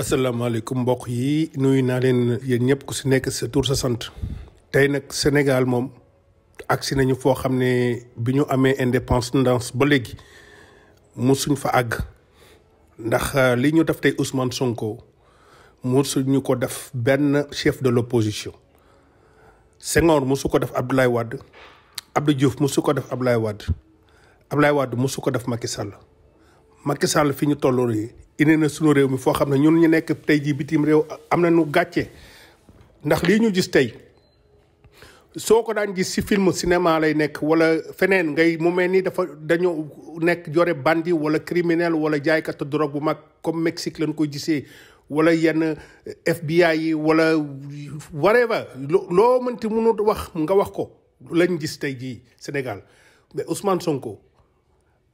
asalaamaaleykum mbokk yi nuyu naa leen yéen ñëpp ku si nekk sa tour sa sant tey nag Sénégal moom agsi nañu foo xam ne bi ñu amee indépendance ba léegi musuñ fa àgg ndax euh, li ñu def tey Ousmane Sonko musuñu ko def benn chef de l'opposition Senghor musu ko def Abdoulaye Wade Abdou Diouf musu ko def Abdoulaye Wade Abdoulaye Wade musu ko def Macky Sall Macky fi ñu toll nii indi na sunu réew mi foo xam ne ñun ñu nekk tey jii bitim réew am na nu gàcce ndax lii ñu gis tey soo ko daan gis si film cinéma lay nekk wala feneen ngay mu mel nii dafa dañoo nekk jore bandi wala criminel wala jaaykat drogue bu mag comme Mexique lañ koy gisee wala yenn FBI yi wala whatever loo mënti mënu wax nga wax ko lañ gis tey jii Sénégal mais Ousmane Sonko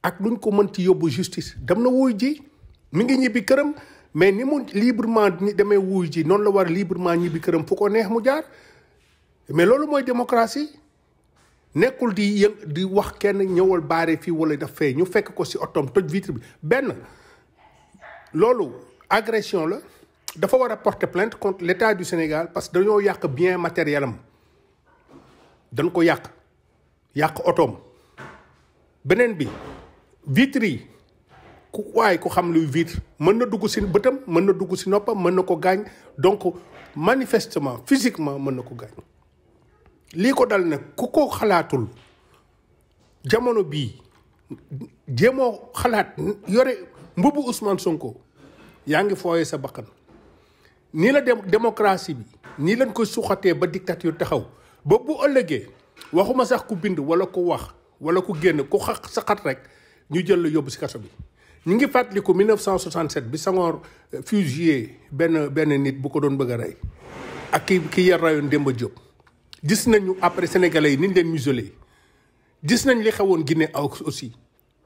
ak luñ ko mënti yóbbu justice dem na wuy ji mi ngi ñibbi këram mais ni mu librement ni demee wuy ji noonu la war librement ñibbi këram fu ko neex mu jaar mais loolu mooy démocratie nekkul di yë di wax kenn ñëwal baare fii wala daf fee ñu fekk ko si otoom toj vitre bi benn loolu agression la dafa war a porter plainte contre l'État du Sénégal parce que dañoo yàq bien matériel am dañ ko yàq yàq otoom beneen bi vitre yi ku waaye ku xam luy vitre mën na dugg si bëtam mën na dugg si noppam mën na ko gaañ donc manifestement physiquement mën na ko gaañ lii ko dal nag ku ko xalaatul jamono bii jéemoo xalaat yore mbubu Ousmane Sonko yaa ngi fooyee sa bakkan nii la dem démocratie bi nii lañ ko suxatee ba dictature taxaw ba ëllëgee waxuma sax ku bind wala ku wax wala ku génn ku xaq sa xat rek ñu jël la yóbbu si kaso bi ñu ngi fàttaliku 1967 bi Senghor euh, fusillé benn benn nit bu ko doon bëgg a rey ak ki ki yar rayoon Demba Diop gis nañu après sénégalais yi ni ñu leen muselé gis nañ li xewoon Guinée aussi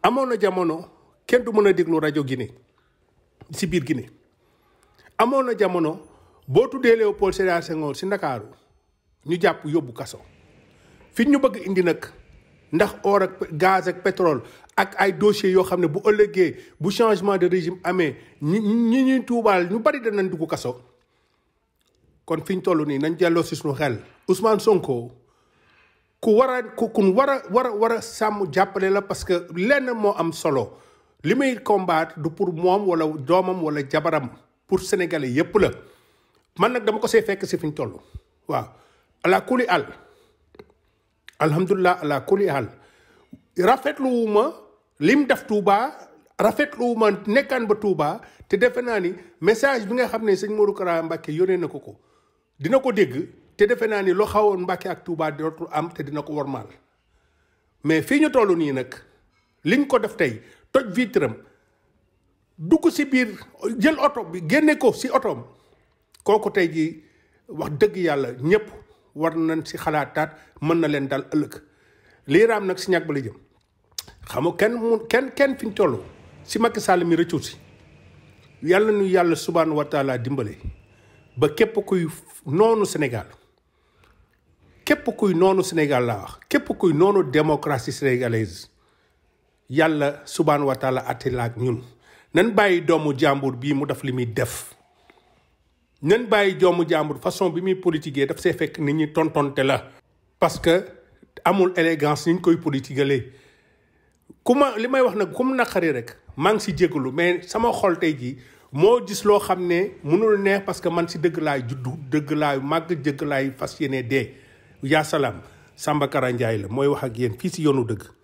amoon na jamono kenn du mën a déglu rajo Guinée si biir Guinée amoon na jamono boo tuddee Léopold Sédar Senghor si Ndakaaru ñu jàpp yóbbu kaso fi ñu bëgg indi nag ndax or ak gaz ak pétrole ak ay dossiers yoo xam ne bu ëllëgee bu changement de régime amee ñi ñi ñuy tuubaal ñu bari danañ dugg kaso. kon fi ñu toll nii nañ delloo si suñu xel Ousmane sonkoo ku war a ku kun war a war a war a sàmm jàppale la parce que lenn moo am solo li may combattre du pour moom wala doomam wala jabaram pour sénégalais yépp la man nag dama ko see fekk si fi ñu toll waaw àll. alhamdulilah ala kulli hal rafetluwuma lim def Touba rafetluwuma nekkaan ba Touba te defe naa ni message bi nga xam ne sëñ Modou Kara Mbacke yónnee na ko ko dina ko dégg te defe naa ni loo xawoon Mbacke ak Touba dootul am te dina ko wormaal mais fii ñu toll nii nag liñ ko def tey toj vitram dugg si biir jël oto bi génne ko si otoom kooku tey ji wax dëgg yàlla ñëpp. war nañ si xalaataat mën na leen daal ëllëg lii raam nag si ñàkk ba la jëm xam kenn mu kenn kenn fi ñu toll si Macky Sall si yàlla nu yàlla subhaanahu wa taala dimbale ba képp kuy noonu Sénégal képp kuy noonu Sénégal laa wax képp kuy noonu démocratie sénégalaise yàlla subhaanahu wa taala ñun nan bàyyi doomu jàmbur bii mu def li muy def nen bàyyi joomu jàmbur façon bi muy politiquer daf see fekk nit ñi tontonte la. parce que amul élégance ni ñu koy politiquer ku ma li may wax nag ku naqari rek maa ngi si jégalu mais sama xol tey jii moo gis loo xam ne mënul neex parce que man si dëgg laay juddu dëgg laay màgg dëgg laay fas yéene de yaa salaam Samba la mooy wax ak yéen fii si yoonu dëgg.